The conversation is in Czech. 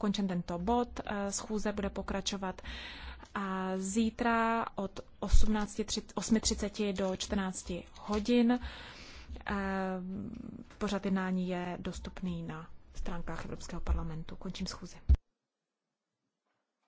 ukončen tento bod. Eh, schůze bude pokračovat a eh, zítra od 8.30 do 14 hodin. Eh, pořad jednání je dostupný na stránkách Evropského parlamentu. Končím schůzi.